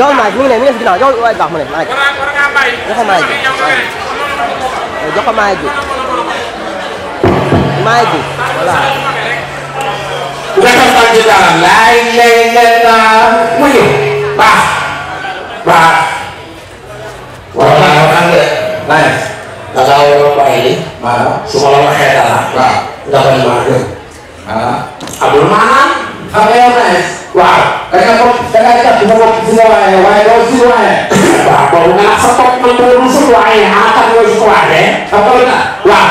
Jauh mas, mina nih sa ginawa. Jauh, wait lang, muna. Muna. Muna nga bay. Jauh ka Jauh maju maji. Kita lain lain lain Wih, pas, kan Nice. Nagawa apa ini. Ma, sumala na kaya tala. Ba, dapat Ah, abul mana? Kamu yang nice. Wah, kaya kok kaya kita cuma kok sini wah, wae kok sini wae. Wah, kalau nggak setok menurun wae, akan kau itu wae. Apa benar? Wah,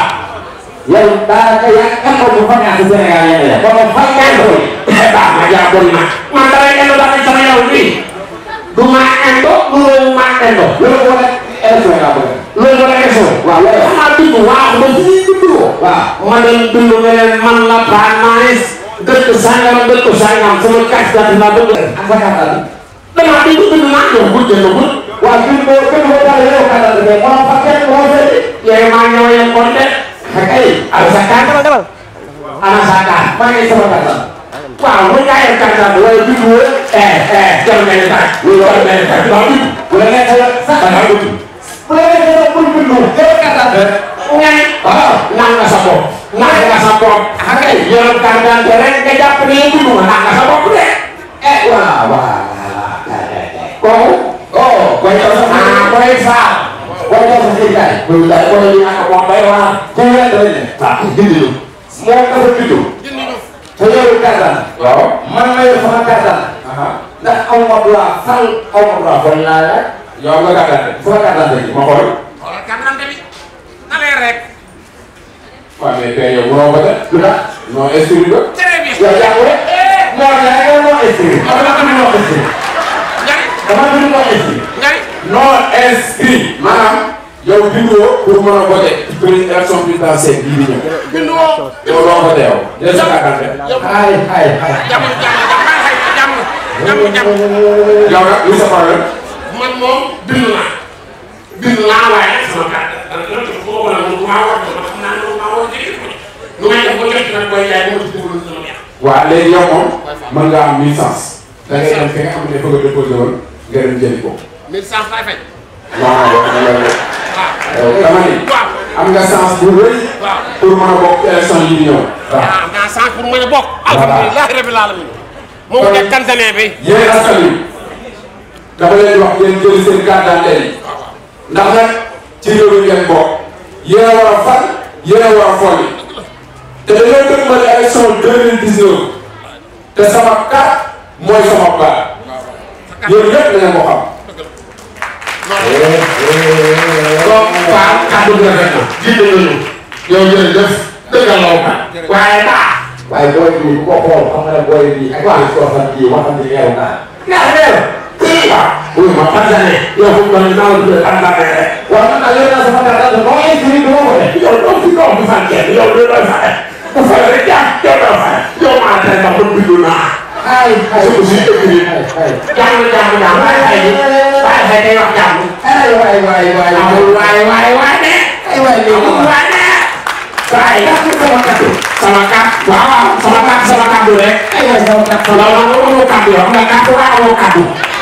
yang tak kaya kan kau bukan yang sesuai kalian ya. Kalau bukan kan kau. Hebat aja aku lima. yang kan udah kan cerai lagi. Rumah entok, rumah entok. Lu boleh esok nggak boleh. Lu boleh esok. Wah, lu mati tuh. Wah, udah sini tuh. Wah, mana dulu mana lapan manis berkesangan berkesangan selekas dari mabuk apa kata berarti itu tenang ya wajib bu kedua kali kata dia kalau pakai kalau jadi ya emangnya yang konten hei, harus akan anak saka pakai kata Wow, mereka yang kata dua, itu eh eh jangan main tak, jangan main tak, tapi gue nggak salah, salah gue. Gue nggak salah pun benar, kata deh, nggak, ah, nggak salah. mooy nga sa bopp ah kay yoroon kàngaan te rek nga jàpp ne yéen dugg nga nga sa bopp de. eh waaw waaw kooku. oh booy jox sa ah booy saa. booy jox sa kii kay. booy jox booy ñu ànd moom bay waa. ci yéen doy na. ah dindi ñu. moo ko fa juddu. te yoroon kàngaan. waaw man ma yor sama kàngaan. ndax aw ma bu laa sal aw ma bu laa. kon naa la. yow nga kàngaan de. fu ma kàngaan de ma xool. waaw mais tey yow waroo ko def lu tax non instruit ba. très bien yow yaa ko def. non ah, non da nga non instruit. xam nga dama non instruit. ñaari dama dund non instruit. ñaari non instruit. maanaam yow bindoo pour mën a voté président élection présidentielle bii di ñëw. bindoo. yow doo ko teew. yow si kàttan de. ay ay ay. jàmm jàmm jàmm jàmm jàmm. yow nag lu sa problème. man moom bind naa. bind naa waaye sama kàttan. dana dana ko bëggoon a mën man koy jaay moo ci déglu sama neex. waaw léegi yow am ne dafa nga nga dem jëli ko. 1000 laay fay. waaw loolu euh, dama ni am nga chance bu rëy. pour mën a bokk élection yi di ñëw. waaw ah, am naa chance pour mën a bokk. alhamdulilah rabbil alamin moom nga tanzanien euh, bi. yéen askan wi dafa leen wax ngeen jëli seen carte d'identité ndax nag ci réew mi ngeen bokk yéen a war a far yéen a war a folli te dañoo dëgmal élection 2019 te sama kat mooy sama baat yéen ñëpp dañoo ko xam. donc Paa kaddu gi rafet na jiite nañu yow jërëjëf dëggal la ko waaye baax. waaye booy bii ku ko xool xam nga ne booy bii ak waa Sofane bii wax nañu ne yow naa. neex na yow. waaw oui ma fan la ne yow fu mu toll nii naa la tuddee fan laa koy def. waaw man nag yow naa sama kàddaa hai hai hai chồng chồng chồng hai thầy hai thầy tay mặt chồng hai quay quay quay quay quay quay nè quay quay quay nè Baik, selamat wow, selamat selamat dulu ya. Selamat selamat dulu, kamu kamu kamu kamu kamu